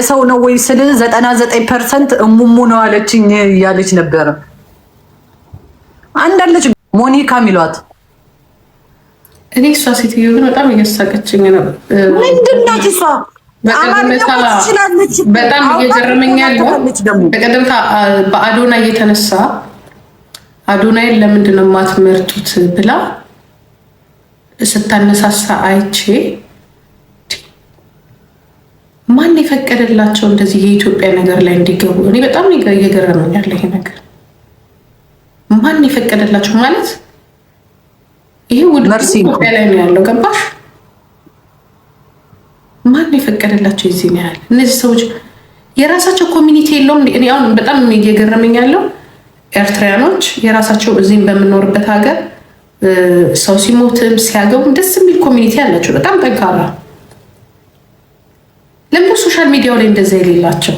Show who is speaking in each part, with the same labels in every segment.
Speaker 1: የሰው ነው ወይ ስል ዘጠና ዘጠኝ ፐርሰንት እሙሙ ነው አለችኝ እያለች ነበረ። አንዳለች ሞኒካ ሚሏት
Speaker 2: እኔ እሷ ሴትዮ ግን በጣም እየሳቀችኝ ነው።
Speaker 1: ምንድናት እሷ
Speaker 2: በጣም እየገረመኝ በቀደም በአዶና እየተነሳ አዶናይን ለምንድን ነው የማትመርጡት ብላ ስታነሳሳ አይቼ ማን የፈቀደላቸው እንደዚህ የኢትዮጵያ ነገር ላይ እንዲገቡ? እኔ በጣም እየገረመኝ ያለ ይሄ ነገር ማን የፈቀደላቸው ማለት ይሄ ውድ ኢትዮጵያ ላይ ነው ያለው። ገባሽ? ማን የፈቀደላቸው የዚህ ነው ያህል እነዚህ ሰዎች የራሳቸው ኮሚኒቲ የለውም። እኔ አሁን በጣም እየገረመኝ ያለው ኤርትራያኖች የራሳቸው እዚህም በምኖርበት ሀገር ሰው ሲሞትም ሲያገቡም ደስ የሚል ኮሚኒቲ አላቸው፣ በጣም ጠንካራ ለምን ሶሻል ሚዲያው ላይ እንደዛ የሌላቸው?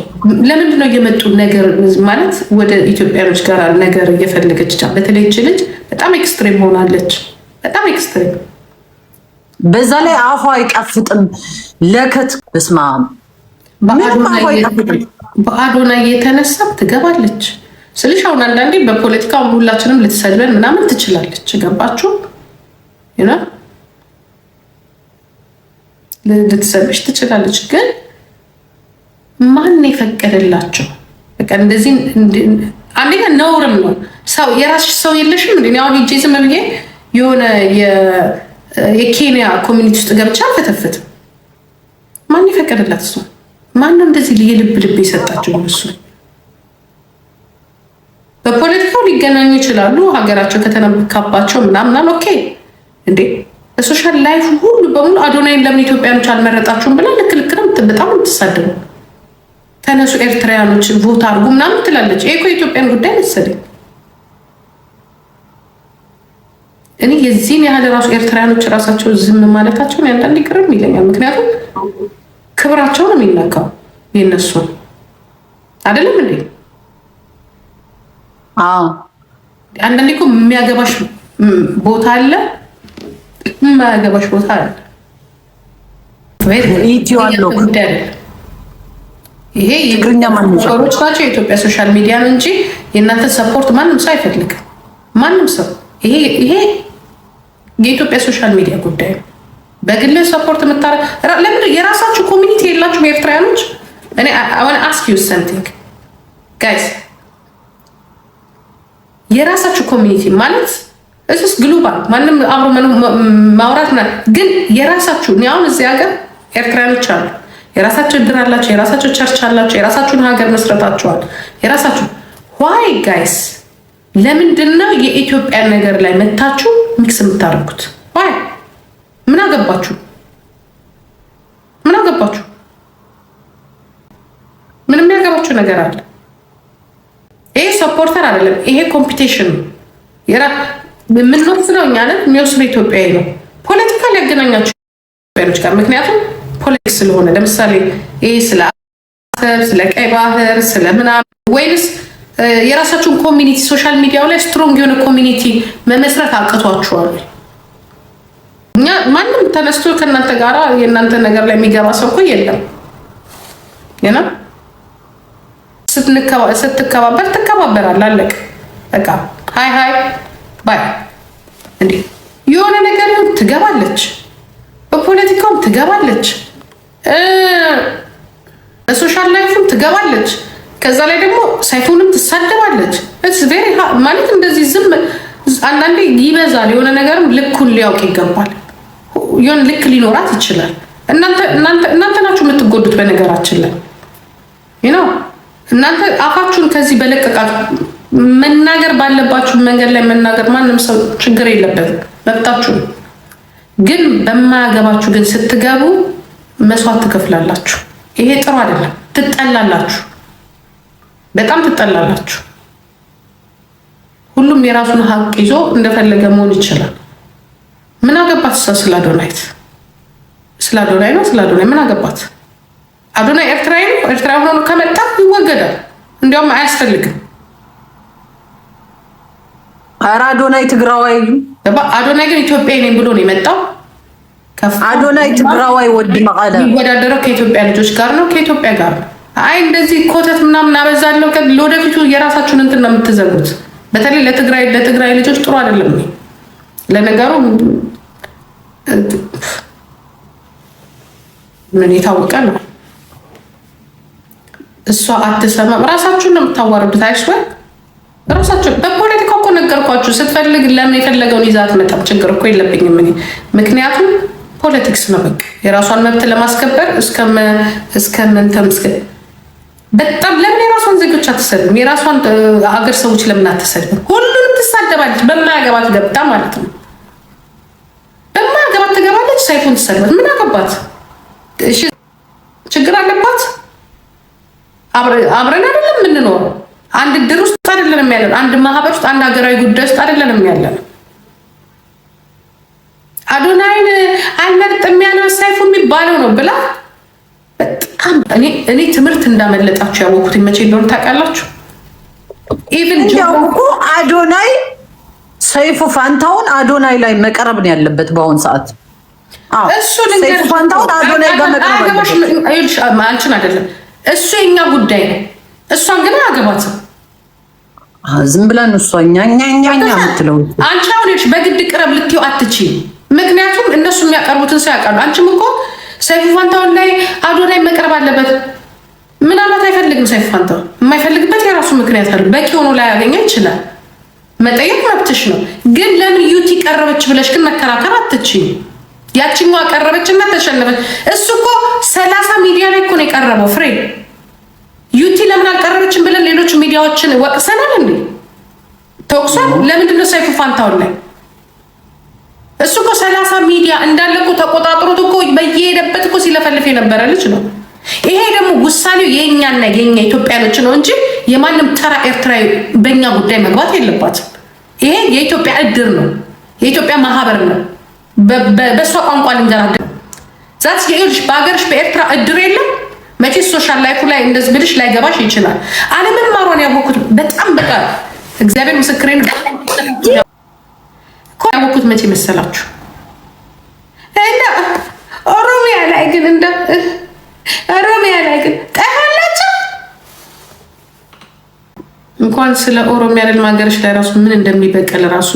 Speaker 2: ለምንድነው እየመጡ ነገር ማለት ወደ ኢትዮጵያኖች ጋር ነገር እየፈለገች በተለይ ይች ልጅ በጣም ኤክስትሬም ሆናለች። በጣም ኤክስትሬም
Speaker 1: በዛ ላይ አፏ አይቀፍጥም። ለከት ስማ
Speaker 2: በአዶና እየተነሳ ትገባለች ስልሽ አሁን አንዳንዴ በፖለቲካ ሁላችንም ልትሰድበን ምናምን ትችላለች። ገባችሁ? ልትሰብሽ ትችላለች ግን ማን የፈቀደላቸው? በቃ እንደዚህ አንደኛ ነውርም ነው። ሰው የራስሽ ሰው የለሽም እንዴ? አሁን ሂጄ ዝም ብዬ የሆነ የኬንያ ኮሚኒቲ ውስጥ ገብቻ አልፈተፍትም። ማን የፈቀደላት እሱ? ማነው እንደዚህ የልብ ልብ የሰጣቸው እሱ? በፖለቲካው ሊገናኙ ይችላሉ። ሀገራቸው ከተነካባቸው ምናምናል። ኦኬ እንዴ በሶሻል ላይፍ ሁሉ በሙሉ አዶናይን ለምን ኢትዮጵያኖች አልመረጣችሁም ብላ ልክልክ ልክ ነው በጣም ተነሱ ኤርትራውያኖች ቮት አድርጉ ምናምን ትላለች። ይሄ እኮ የኢትዮጵያን ጉዳይ መሰለኝ። እኔ የዚህን ያህል ራሱ ኤርትራውያኖች ራሳቸው ዝም ማለታቸውን ያንዳንድ ይቅርም ይለኛል። ምክንያቱም ክብራቸው ነው የሚነካው የነሱ አይደለም እንዴ? አንዳንድ እኮ የሚያገባሽ ቦታ አለ፣ የማያገባሽ ቦታ አለ።
Speaker 1: ጉዳይ አይደለም
Speaker 2: ይሄ የትግርኛ ማንሮች ናቸው የኢትዮጵያ ሶሻል ሚዲያ ነው እንጂ የእናንተ ሰፖርት ማንም ሰው አይፈልግም። ማንም ሰው ይሄ የኢትዮጵያ ሶሻል ሚዲያ ጉዳይ ነው። በግል ሰፖርት የምታረ ለምን የራሳችሁ ኮሚኒቲ የላችሁ ኤርትራያኖች? እኔ አስክ ዩ ሰምቲንግ ጋይስ የራሳችሁ ኮሚኒቲ ማለት እሱስ ግሎባል ማንም አብሮ ማውራት ግን የራሳችሁ አሁን እዚህ ሀገር ኤርትራያኖች አሉ የራሳችሁ እድር አላችሁ፣ የራሳችሁ ቸርች አላችሁ፣ የራሳችሁን ሀገር መስረታችኋል። የራሳችሁ ዋይ ጋይስ፣ ለምንድን ነው የኢትዮጵያን ነገር ላይ መታችሁ ሚክስ የምታደርጉት? ዋይ ምን አገባችሁ? ምን አገባችሁ? ምን የሚያገባችሁ ነገር አለ? ይሄ ሰፖርተር አይደለም፣ ይሄ ኮምፒቴሽን ነው። የምንወስነው እኛ የሚወስነው ኢትዮጵያዊ ነው። ፖለቲካ ሊያገናኛቸው ጋር ምክንያቱም ኮሌጅ ስለሆነ ለምሳሌ ይህ ስለ አሰብ፣ ስለ ቀይ ባህር፣ ስለ ምናምን ወይንስ የራሳችሁን ኮሚኒቲ ሶሻል ሚዲያው ላይ ስትሮንግ የሆነ ኮሚኒቲ መመስረት አቅቷችኋል? እኛ ማንም ተነስቶ ከእናንተ ጋር የእናንተ ነገር ላይ የሚገባ ሰው እኮ የለም። ና ስትከባበር ትከባበራል። አለቅ በቃ ሀይ ሀይ ባይ እንዴ የሆነ ነገር ትገባለች፣ በፖለቲካውም ትገባለች። ሶሻል ላይፍም ትገባለች። ከዛ ላይ ደግሞ ሳይፎንም ትሳደባለች። ማለት እንደዚህ ዝም አንዳንዴ ይበዛል። የሆነ ነገርም ልኩን ሊያውቅ ይገባል። የሆነ ልክ ሊኖራት ይችላል። እናንተ ናችሁ የምትጎዱት በነገራችን ላይ ነው። እናንተ አፋችሁን ከዚህ በለቀቃ መናገር ባለባችሁ መንገድ ላይ መናገር ማንም ሰው ችግር የለበትም፣ መብታችሁ ግን በማያገባችሁ ግን ስትገቡ መስዋዕት ትከፍላላችሁ። ይሄ ጥሩ አይደለም። ትጠላላችሁ፣ በጣም ትጠላላችሁ። ሁሉም የራሱን ሀቅ ይዞ እንደፈለገ መሆን ይችላል። ምን አገባት እሷ ስለ አዶናይት ስለ አዶናይ ነው ስለ አዶናይ ምን አገባት? አዶናይ ኤርትራዊ ነው። ኤርትራዊ ሆኖ ከመጣ ይወገዳል። እንዲያውም አያስፈልግም።
Speaker 1: ኧረ አዶናይ ትግራዋይ።
Speaker 2: አዶናይ ግን ኢትዮጵያዊ ነኝ ብሎ ነው የመጣው
Speaker 1: አዶናይ ትግራዋይ ወድ መቀለ
Speaker 2: የሚወዳደረው ከኢትዮጵያ ልጆች ጋር ነው፣ ከኢትዮጵያ ጋር አይ እንደዚህ ኮተት ምናምን አበዛለሁ። ለወደፊቱ የራሳችሁን እንትን ነው የምትዘጉት። በተለይ ለትግራይ ለትግራይ ልጆች ጥሩ አይደለም። ለነገሩ ምን የታወቀ ነው። እሷ አትሰማም። ራሳችሁን ነው የምታዋርዱት። አይስወል ራሳችሁ በፖለቲካ እኮ ነገርኳችሁ። ስትፈልግ ለምን የፈለገውን ይዛት መጣም ችግር እኮ የለብኝም እኔ ምክንያቱም ፖለቲክስ ነው። በቃ የራሷን መብት ለማስከበር እስከምንተም በጣም ለምን የራሷን ዜጎች አትሰድም? የራሷን አገር ሰዎች ለምን አትሰድም? ሁሉንም ትሳደባለች። በማያገባት ገብታ ማለት ነው። በማያገባት ትገባለች፣ ሳይፎን ትሰድባት። ምን አገባት? ችግር አለባት? አብረን አይደለም የምንኖረው። አንድ ድር ውስጥ አይደለንም ያለን። አንድ ማህበር ውስጥ፣ አንድ ሀገራዊ ጉዳይ ውስጥ አይደለንም ያለን። አዶናይን አልመርጥም ያለው ሰይፉ የሚባለው ነው ብላ በጣም እኔ እኔ ትምህርት እንዳመለጣችሁ ያወኩት መቼ እንደሆነ ታውቃላችሁ።
Speaker 1: እንዲያውም እኮ አዶናይ ሰይፉ ፋንታውን አዶናይ ላይ መቅረብ ነው ያለበት በአሁን ሰዓት። እሱ ሰይፉ ፋንታውን አዶናይ ጋር
Speaker 2: መቅረብ አንቺን አይደለም። እሱ የኛ ጉዳይ ነው። እሷን ግን አገባትም
Speaker 1: ዝም ብለን እሷ ኛ ኛ ኛ ምትለው
Speaker 2: አንቺ አሁን በግድ ቅረብ ልትይው አትችይም። ምክንያቱም እነሱ የሚያቀርቡትን ሰው ያውቃሉ። አንቺም እኮ ሰይፉ ፋንታውን ላይ አዶናይ መቅረብ አለበት። ምናልባት አይፈልግም ሰይፉ ፋንታሁን። የማይፈልግበት የራሱ ምክንያት አለ። በቂ ሆኖ ያገኘ ይችላል። መጠየቅ መብትሽ ነው። ግን ለምን ዩቲ ቀረበች ብለሽ ግን መከራከር አትችይም። ያችኛዋ ቀረበች እና እሱ እኮ ሰላሳ ሚዲያ ላይ እኮ ነው የቀረበው። ፍሬ ዩቲ ለምን አልቀረበችም ብለን ሌሎች ሚዲያዎችን ወቅሰናል እንዴ? ተወቅሷል። ለምንድነው ሰይፉ ፋንታውን ላይ እሱ እኮ ሰላሳ ሚዲያ እንዳለ እኮ ተቆጣጥሮት እኮ በየሄደበት እኮ ሲለፈልፍ የነበረ ልጅ ነው። ይሄ ደግሞ ውሳኔው የእኛና የኛ ኢትዮጵያኖች ነው እንጂ የማንም ተራ ኤርትራዊ በእኛ ጉዳይ መግባት የለባትም። ይሄ የኢትዮጵያ እድር ነው፣ የኢትዮጵያ ማህበር ነው። በእሷ ቋንቋ ልንገራለ ዛት የልሽ በሀገርሽ በኤርትራ እድር የለም። መቼ ሶሻል ላይፉ ላይ እንደዚህ ብልሽ ላይገባሽ ይችላል። አለመማሯን ያወኩት በጣም በቃ እግዚአብሔር ምስክሬን እኮ ያወቅኩት መቼ መሰላችሁ? እና ኦሮሚያ ላይ ግን እንደ ኦሮሚያ ላይ ግን ጠፋላችሁ። እንኳን ስለ ኦሮሚያ ደል ማገረሽ ላይ ራሱ ምን እንደሚበቀል ራሱ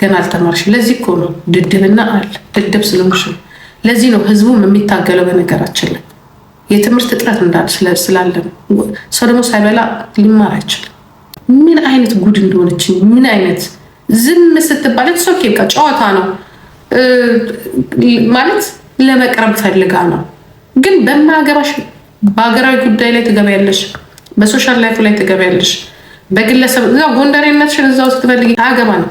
Speaker 2: ገና አልተማርሽ። ለዚህ እኮ ነው ድድብና አለ ድድብ ስለሆንሽ ነው። ለዚህ ነው ህዝቡም የሚታገለው። በነገራችን ላይ የትምህርት እጥረት እንዳለ ስላለ ሰው ደግሞ ሳይበላ ሊማር አይችልም። ምን አይነት ጉድ እንደሆነች ምን አይነት ዝም ስትባል ሶኬ በቃ ጨዋታ ነው ማለት ለመቅረብ ፈልጋ ነው። ግን በማገባሽ በሀገራዊ ጉዳይ ላይ ትገበያለሽ፣ በሶሻል ላይፍ ላይ ትገበያለሽ፣ በግለሰብ እዛ ጎንደሬነትሽን እዛ ውስጥ ትፈልጊ አገባ ነው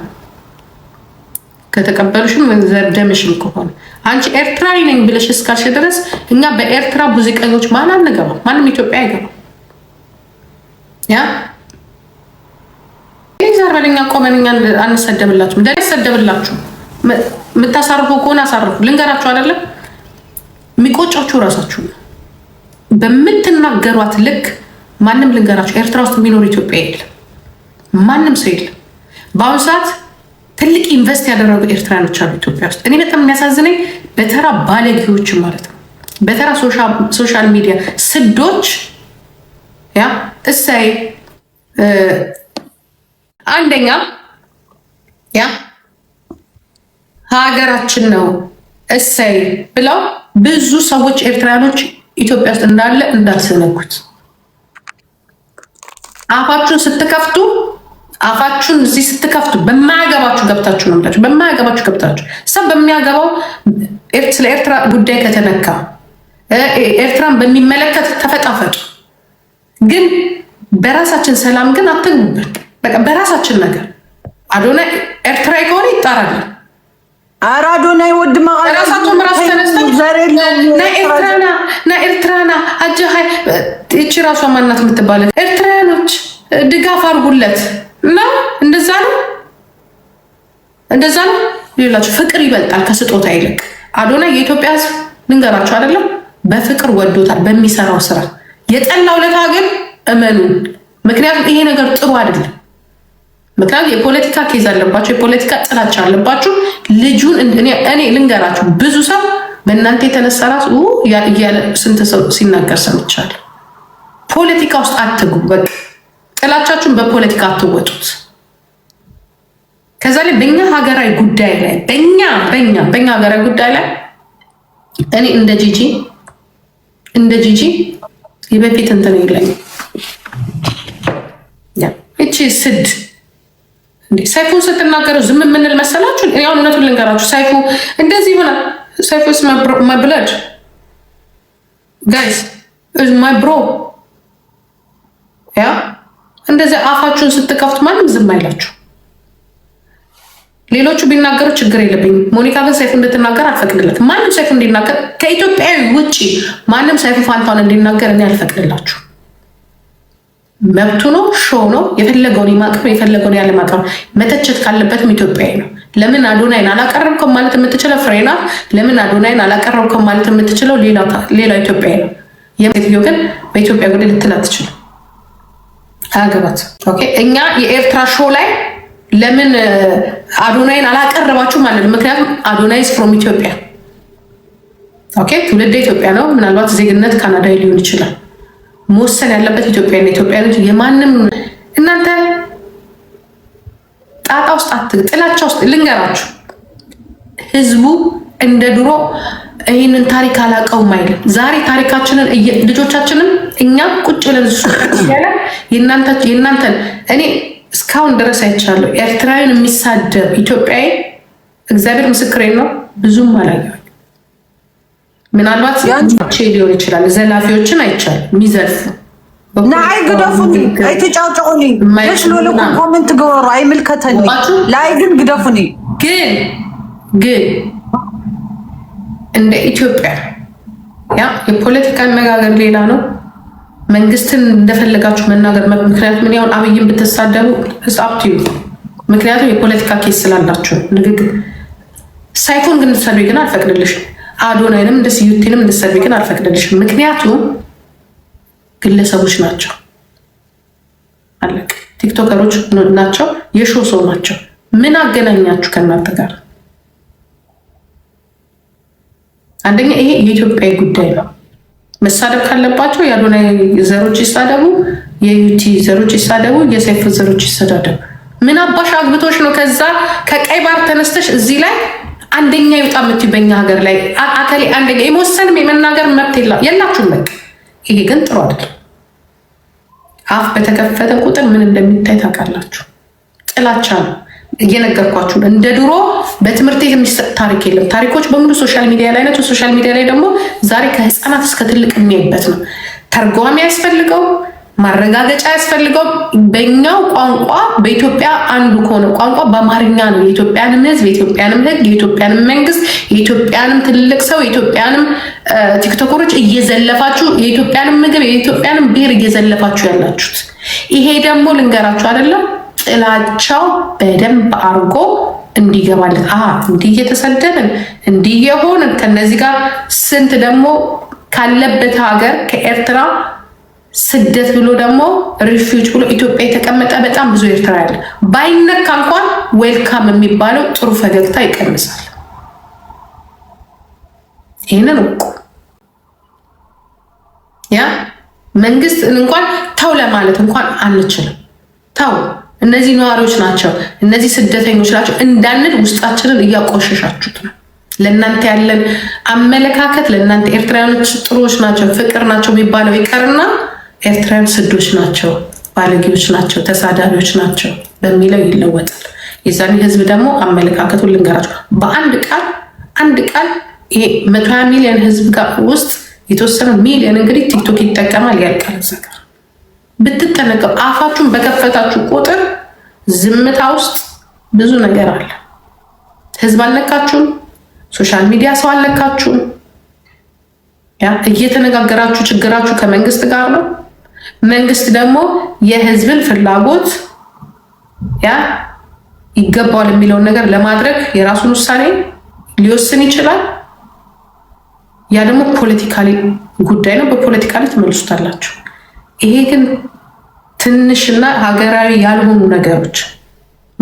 Speaker 2: ከተቀበሉሽም ዘርደምሽም ከሆነ አንቺ ኤርትራዊ ነኝ ብለሽ እስካልሽ ድረስ እኛ በኤርትራ ሙዚቀኞች ማን አንገባ፣ ማንም ኢትዮጵያ አይገባ ያ እያረለኛ ቆመንኛ አንሰደብላችሁ ደ ሰደብላችሁ የምታሳርፉ ከሆነ አሳርፉ። ልንገራችሁ አይደለም የሚቆጫችሁ እራሳችሁ በምትናገሯት ልክ ማንም ልንገራችሁ፣ ኤርትራ ውስጥ የሚኖር ኢትዮጵያ የለ ማንም ሰው የለ። በአሁኑ ሰዓት ትልቅ ኢንቨስት ያደረጉ ኤርትራኖች አሉ ኢትዮጵያ ውስጥ። እኔ በጣም የሚያሳዝነኝ በተራ ባለጌዎች ማለት ነው፣ በተራ ሶሻል ሚዲያ ስዶች ያ እሳይ አንደኛ ያ ሀገራችን ነው እሰይ ብለው ብዙ ሰዎች ኤርትራያኖች ኢትዮጵያ ውስጥ እንዳለ እንዳልሰነኩት አፋችሁን ስትከፍቱ አፋችሁን እዚህ ስትከፍቱ በማያገባችሁ ገብታችሁ ነው የምላችሁ። በማያገባችሁ ገብታችሁ ሰብ በሚያገባው ስለ ኤርትራ ጉዳይ ከተነካ ኤርትራን በሚመለከት ተፈጣፈጡ፣ ግን በራሳችን ሰላም ግን አትግቡብን። በቃ በራሳችን ነገር አዶናይ ኤርትራዊ ከሆነ ይጣራል።
Speaker 1: ኧረ አዶናይ ወድ
Speaker 2: ራሳቸውም ኤርትራና አጀሀይ ይቺ ራሷ ማናት የምትባለ ኤርትራያኖች ድጋፍ አድርጉለት እና እንደዛ ነው እንደዛ ነው ሌላቸው ፍቅር ይበልጣል ከስጦታ ይልቅ። አዶናይ የኢትዮጵያ ህዝብ ልንገራቸው አይደለም በፍቅር ወዶታል በሚሰራው ስራ የጠላው ለታ ግን እመኑን። ምክንያቱም ይሄ ነገር ጥሩ አይደለም። ምክንያቱም የፖለቲካ ኬዝ አለባቸው፣ የፖለቲካ ጥላቻ አለባችሁ። ልጁን እኔ ልንገራችሁ፣ ብዙ ሰው በእናንተ የተነሳ ራሱ እያለ ስንት ሰው ሲናገር ሰምቻለሁ። ፖለቲካ ውስጥ አትጉ፣ በቃ ጥላቻችሁን በፖለቲካ አትወጡት። ከዛ ላይ በእኛ ሀገራዊ ጉዳይ ላይ በኛ በኛ በኛ ሀገራዊ ጉዳይ ላይ እኔ እንደ ጂጂ እንደ ጂጂ የበፊት እንትን የለኝም። እቺ ስድ እንዴ ሰይፉን ስትናገረው ዝም የምንል መሰላችሁ? ያሁን እውነቱን ልንገራችሁ፣ ሰይፉ እንደዚህ ይሆናል። ሰይፉስ ስ ብለድ ጋይስ ማይ ብሮ ያ እንደዚህ አፋችሁን ስትከፍቱ ማንም ዝም አይላችሁ። ሌሎቹ ቢናገሩ ችግር የለብኝ ሞኒካ ግን ሰይፉ እንድትናገር አልፈቅድለት። ማንም ሰይፉ እንዲናገር ከኢትዮጵያዊ ውጭ ማንም ሰይፉ ፋንታውን እንዲናገር እኔ አልፈቅድላችሁ። መብቱ ነው። ሾው ነው። የፈለገውን የማቅረብ የፈለገውን ያለ ማቅረብ። መተቸት ካለበትም ኢትዮጵያዊ ነው። ለምን አዶናይን አላቀረብከው ማለት የምትችለው ፍሬና፣ ለምን አዶናይን አላቀረብከው ማለት የምትችለው ሌላው ኢትዮጵያዊ ነው። የሴትዮ ግን በኢትዮጵያ ጉዳይ ልትል አትችልም። አያገባት። እኛ የኤርትራ ሾው ላይ ለምን አዶናይን አላቀረባችሁ ማለት ምክንያቱም አዶናይስ ፍሮም ኢትዮጵያ ትውልድ ትውልደ ኢትዮጵያ ነው። ምናልባት ዜግነት ካናዳዊ ሊሆን ይችላል። መወሰን ያለበት ኢትዮጵያ ኢትዮጵያኖች የማንም እናንተ ጣጣ ውስጥ አት ጥላቻ ውስጥ ልንገራችሁ፣ ህዝቡ እንደ ድሮ ይህንን ታሪክ አላውቀውም አይልም። ዛሬ ታሪካችንን ልጆቻችንም እኛ ቁጭ ብለን የእናንተን እኔ እስካሁን ድረስ አይቻለሁ። ኤርትራዊን የሚሳደብ ኢትዮጵያዊ እግዚአብሔር ምስክሬን ነው ብዙም አላየሁም። ምናልባት ቼ ሊሆን ይችላል። ዘላፊዎችን አይቻል የሚዘልፉ
Speaker 1: ናይ ግደፉኒ ኣይትጫውጭቁኒ ደስ ልበለኩም ኮሜንት ገበሩ ኣይምልከተኒ ላይ ግን ግደፉኒ
Speaker 2: ግን ግን እንደ ኢትዮጵያ ያ የፖለቲካ አነጋገር ሌላ ነው። መንግስትን እንደፈለጋችሁ መናገር ምክንያቱም ምን ያሁን አብይን ብትሳደቡ ህጻብት ምክንያቱም የፖለቲካ ኬስ ስላላችሁ ንግግር ሳይኮን ግን ሰቤ ግን አልፈቅድልሽም አዶናይንም እንደ ስዩቴንም እንደ ግን አልፈቅድልሽም። ምክንያቱም ግለሰቦች ናቸው፣ አለቅ ቲክቶከሮች ናቸው፣ የሾ ሰው ናቸው። ምን አገናኛችሁ ከእናንተ ጋር? አንደኛ ይሄ የኢትዮጵያዊ ጉዳይ ነው። መሳደብ ካለባቸው የአዶናይ ዘሮች ይሳደቡ፣ የዩቲ ዘሮች ይሳደቡ፣ የሰይፍ ዘሮች ይሰዳደቡ። ምን አባሽ አግብቶች ነው? ከዛ ከቀይ ባህር ተነስተሽ እዚህ ላይ አንደኛ ይውጣ የምትይው በእኛ ሀገር ላይ አካሌ አንደኛ የመወሰንም የመናገር መብት የላችሁም። በቃ ይሄ ግን ጥሩ አይደለም። አፍ በተከፈተ ቁጥር ምን እንደሚታይ ታውቃላችሁ። ጥላቻ ነው። እየነገርኳችሁ እንደ ድሮ በትምህርት ቤት የሚሰጥ ታሪክ የለም። ታሪኮች በሙሉ ሶሻል ሚዲያ ላይ ናቸው። ሶሻል ሚዲያ ላይ ደግሞ ዛሬ ከህፃናት እስከ ትልቅ የሚያይበት ነው። ተርጓሚ ያስፈልገው ማረጋገጫ ያስፈልገው። በኛው ቋንቋ በኢትዮጵያ አንዱ ከሆነ ቋንቋ በአማርኛ ነው። የኢትዮጵያንም ሕዝብ የኢትዮጵያንም ሕግ የኢትዮጵያንም መንግስት የኢትዮጵያንም ትልቅ ሰው የኢትዮጵያንም ቲክቶከሮች እየዘለፋችሁ የኢትዮጵያንም ምግብ የኢትዮጵያንም ብሔር እየዘለፋችሁ ያላችሁት። ይሄ ደግሞ ልንገራችሁ አይደለም ጥላቻው በደንብ አርጎ አ እንዲህ እየተሰደብን እንዲህ የሆንን ከነዚህ ጋር ስንት ደግሞ ካለበት ሀገር ከኤርትራ ስደት ብሎ ደግሞ ሪፊውጅ ብሎ ኢትዮጵያ የተቀመጠ በጣም ብዙ ኤርትራ ያለ ባይነካ እንኳን ዌልካም የሚባለው ጥሩ ፈገግታ ይቀንሳል። ይህንን እውቁ ያ መንግስት እንኳን ተው ለማለት እንኳን አንችልም። ተው እነዚህ ነዋሪዎች ናቸው፣ እነዚህ ስደተኞች ናቸው እንዳንል ውስጣችንን እያቆሸሻችሁት ነው። ለእናንተ ያለን አመለካከት ለእናንተ ኤርትራውያኖች ጥሩዎች ናቸው፣ ፍቅር ናቸው የሚባለው ይቀርና ኤርትራን ስዶች ናቸው፣ ባለጌዎች ናቸው፣ ተሳዳሪዎች ናቸው በሚለው ይለወጣል። የዛን ህዝብ ደግሞ አመለካከቱን ልንገራቸው። በአንድ ቃል አንድ ቃል መቶ ሀያ ሚሊዮን ህዝብ ጋር ውስጥ የተወሰነ ሚሊዮን እንግዲህ ቲክቶክ ይጠቀማል ያልቃል። ዘጋ አፋችሁን በከፈታችሁ ቁጥር ዝምታ ውስጥ ብዙ ነገር አለ። ህዝብ አልነካችሁም፣ ሶሻል ሚዲያ ሰው አልነካችሁም። እየተነጋገራችሁ ችግራችሁ ከመንግስት ጋር ነው። መንግስት ደግሞ የህዝብን ፍላጎት ያ ይገባዋል የሚለውን ነገር ለማድረግ የራሱን ውሳኔ ሊወስን ይችላል። ያ ደግሞ ፖለቲካሊ ጉዳይ ነው። በፖለቲካሊ ትመልሱታላችሁ። ይሄ ግን ትንሽና ሀገራዊ ያልሆኑ ነገሮች፣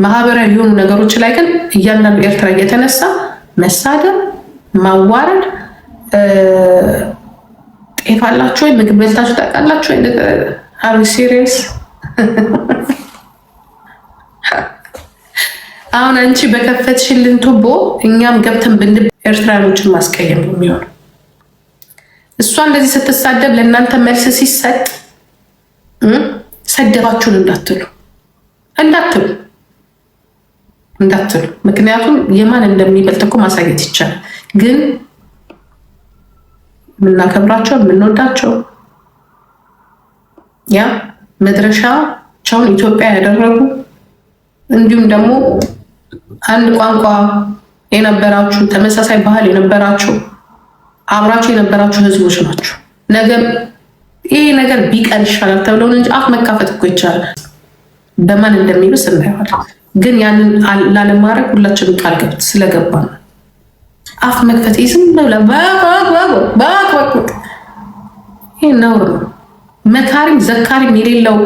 Speaker 2: ማህበራዊ የሆኑ ነገሮች ላይ ግን እያንዳንዱ ኤርትራ እየተነሳ መሳደብ፣ ማዋረድ ጤፍ አላችሁ ወይ? ምግብ በልታችሁ ታውቃላችሁ ወይ? አሪ ሲሪየስ? አሁን አንቺ በከፈትሽልን ቱቦ እኛም ገብተን ብን ኤርትራኖችን ማስቀየም የሚሆን እሷ እንደዚህ ስትሳደብ ለእናንተ መልስ ሲሰጥ ሰደባችሁን እንዳትሉ እንዳትሉ እንዳትሉ። ምክንያቱም የማን እንደሚበልጥ እኮ ማሳየት ይቻላል ግን የምናከብራቸው የምንወዳቸው ያ መድረሻቸውን ኢትዮጵያ ያደረጉ እንዲሁም ደግሞ አንድ ቋንቋ የነበራችሁ ተመሳሳይ ባህል የነበራችሁ አብራችሁ የነበራችሁ ህዝቦች ናችሁ። ነገር ይሄ ነገር ቢቀር ይሻላል ተብለውን እንጂ አፍ መካፈት እኮ ይቻላል። በማን እንደሚሉ ስናየዋል። ግን ያንን ላለማድረግ ሁላችንም ቃል ገብት ስለገባ ነው። አፍ መክፈት ዝም ብላ ባባባባባባባ ይሄ ነውር ነው። መካሪም ዘካሪም የሌለው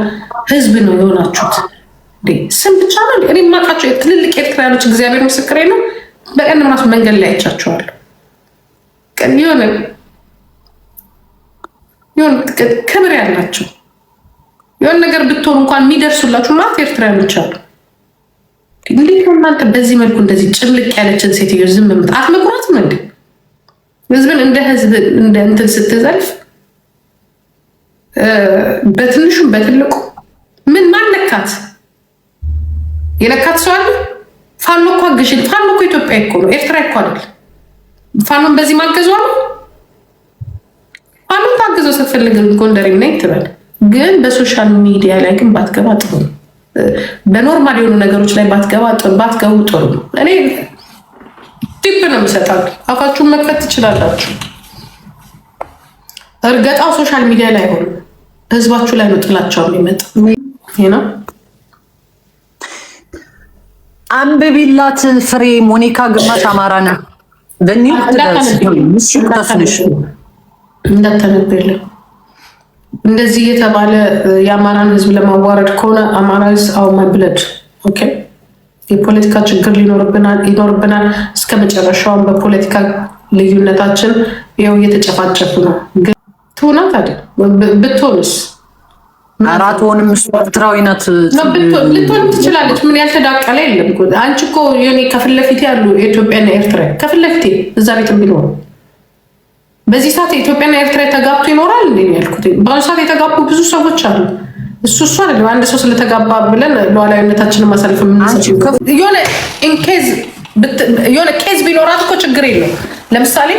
Speaker 2: ህዝብ ነው የሆናችሁት። ስም ብቻ ነው። እኔ የማውቃቸው ትልልቅ ኤርትራያኖች እግዚአብሔር ምስክሬ ነው። በቀን ራሱ መንገድ ላይ አይቻቸዋለሁ። የሆነ የሆነ ክብር ያላቸው የሆነ ነገር ብትሆኑ እንኳን የሚደርሱላችሁ ማለት ኤርትራያኖች አሉ። እንዴት ነው እናንተ በዚህ መልኩ እንደዚህ ጭልቅ ያለችን ሴትዮ ዝም ምት አትመኩራትም? እንደ ህዝብን እንደ ህዝብ እንደ እንትን ስትዘልፍ በትንሹም በትልቁ ምን ማን ነካት? የነካት ሰው አለ? ፋኖ እኮ አግሽን። ፋኖ እኮ ኢትዮጵያ እኮ ነው፣ ኤርትራ እኮ አይደል። ፋኖን በዚህ ማገዙ ነው። ፋኖን ታገዘው ስትፈልግ ጎንደሬ ነኝ ትበል። ግን በሶሻል ሚዲያ ላይ ግን ባትገባ ጥሩ ነው። በኖርማል የሆኑ ነገሮች ላይ ባትገባ ባትገቡ ጥሩ ነው። እኔ ቲፕ ነው የምሰጣሉ። አፋችሁን መክፈት ትችላላችሁ። እርገጣው ሶሻል ሚዲያ ላይ ሆኑ ህዝባችሁ ላይ ነው ጥላቸው የሚመጣ ነው።
Speaker 1: አንብቢላት ፍሬ ሞኒካ ግማሽ አማራ ነው በኒው
Speaker 2: ትደርስ እንዳታነብለ እንደዚህ የተባለ የአማራን ህዝብ ለማዋረድ ከሆነ አማራስ አው መብለድ ኦኬ የፖለቲካ ችግር ይኖርብናል። እስከ መጨረሻውን በፖለቲካ ልዩነታችን ይኸው እየተጨፋጨፉ ነው። ግን ትሆና ታዲያ ብትሆንስ?
Speaker 1: አራት ኤርትራዊ ናት
Speaker 2: ልትሆን ትችላለች። ምን ያልተዳቀለ የለም። አንቺ እኮ ከፊት ለፊቴ ያሉ ኢትዮጵያና ኤርትራ ከፊት ለፊቴ እዛ ቤት ቢኖሩ በዚህ ሰዓት የኢትዮጵያና ኤርትራ የተጋብቶ ይኖራል እንዴ ያልኩት። በአሁኑ ሰዓት የተጋቡ ብዙ ሰዎች አሉ። እሱ እሱ አይደለም አንድ ሰው ስለተጋባ ብለን ሉዓላዊነታችንን ማሳለፍ የሆነ ኬዝ ቢኖራት እኮ ችግር የለው። ለምሳሌ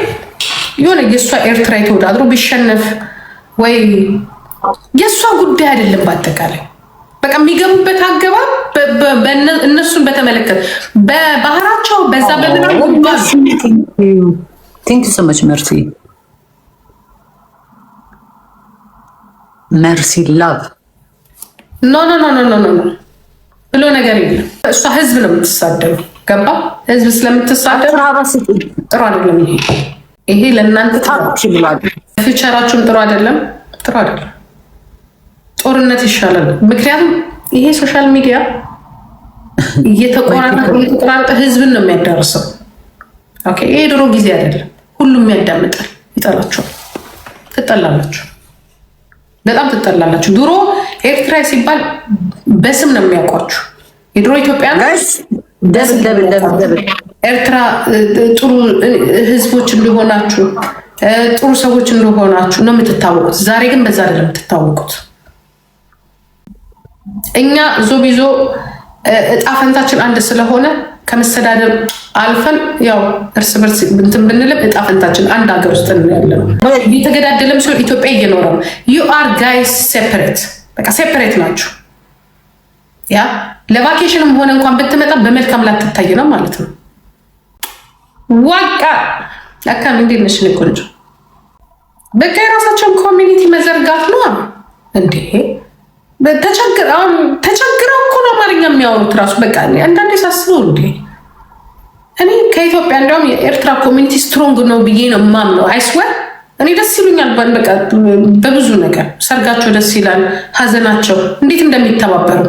Speaker 2: የሆነ የእሷ ኤርትራ የተወዳድሮ ቢሸነፍ ወይ የእሷ ጉዳይ አይደለም። በአጠቃላይ በቃ የሚገቡበት አገባብ እነሱን በተመለከተ በባህራቸው በዛ በምናምን
Speaker 1: ቲንክ ሶ መች መርሲ መርሲ ላቭ
Speaker 2: ኖ ኖ ኖ ኖ ኖ ብሎ ነገር የለም። እሷ ህዝብ ነው የምትሳደሩ፣ ገባ ህዝብ ስለምትሳደሩ ጥሩ አይደለም። ይሄ ይሄ ለእናንተ ፊቸራችሁም ጥሩ አይደለም፣ ጥሩ አይደለም። ጦርነት ይሻላል። ምክንያቱም ይሄ ሶሻል ሚዲያ እየተቆራረጠ ህዝብን ነው የሚያዳርሰው። ይሄ ድሮ ጊዜ አይደለም። ሁሉም ያዳምጣል፣ ይጠላቸዋል፣ ትጠላላቸው በጣም ትጠላላችሁ። ድሮ ኤርትራ ሲባል በስም ነው የሚያውቋችሁ። የድሮ ኢትዮጵያ ኤርትራ ጥሩ ህዝቦች እንደሆናችሁ ጥሩ ሰዎች እንደሆናችሁ ነው የምትታወቁት። ዛሬ ግን በዛ ላይ የምትታወቁት እኛ ዞ ቢዞ እጣ ፈንታችን አንድ ስለሆነ ከመሰዳደር አልፈን ያው እርስ በርስ እንትን ብንልም እጣ ፈንታችን አንድ ሀገር ውስጥ ነው ያለ ነው። የተገዳደለም ሲሆን ኢትዮጵያ እየኖረ ነው። ዩ አር ጋይስ ሴፐሬት፣ በቃ ሴፐሬት ናችሁ። ያ ለቫኬሽንም ሆነ እንኳን ብትመጣ በመልካም ላትታይ ነው ማለት ነው። ዋቃ አካም እንዴት ነሽ ቆንጆ? በቃ የራሳቸውን ኮሚኒቲ መዘርጋት ነው እንዴ። ተቸግረው እኮ አማርኛ የሚያወሩት ራሱ በቃ አንዳንዴ ሳስበው እንዴ እኔ ከኢትዮጵያ እንዲያውም የኤርትራ ኮሚኒቲ ስትሮንግ ነው ብዬ ነው የማምነው። አይስወር እኔ ደስ ይሉኛል በቃ በብዙ ነገር ሰርጋቸው ደስ ይላል፣ ሀዘናቸው እንዴት እንደሚተባበሩ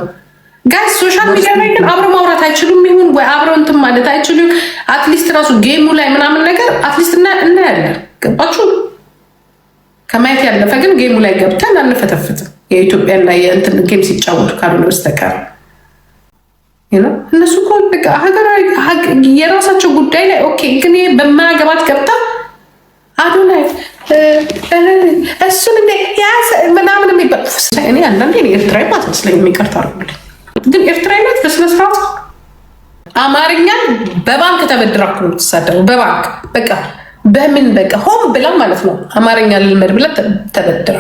Speaker 2: ጋይ ሶሻል ሚዲያ ላይ ግን አብረው ማውራት አይችሉም ይሁን ወይ አብረው እንትን ማለት አይችሉም። አትሊስት ራሱ ጌሙ ላይ ምናምን ነገር አትሊስት እናያለን። ገባችሁ? ከማየት ያለፈ ግን ጌሙ ላይ ገብተን አንፈተፍትም። የኢትዮጵያና የእንትን ጌም ሲጫወቱ ካልሆነ በስተቀር እነሱ የራሳቸው ጉዳይ ላይ ኦኬ፣ ግን በማያገባት ገብታ አዶናይ እሱን ምናምን የሚባል እኔ አንዳንዴ ኤርትራዊ አትመስለኝም። የሚቀርታ ግን ኤርትራዊ ናት በስነ ስርዓት አማርኛን በባንክ ተበድራ እኮ ነው በባንክ በቃ በምን በቃ ሆም ብላ ማለት ነው አማርኛ ልልመድ ብላ ተበድራ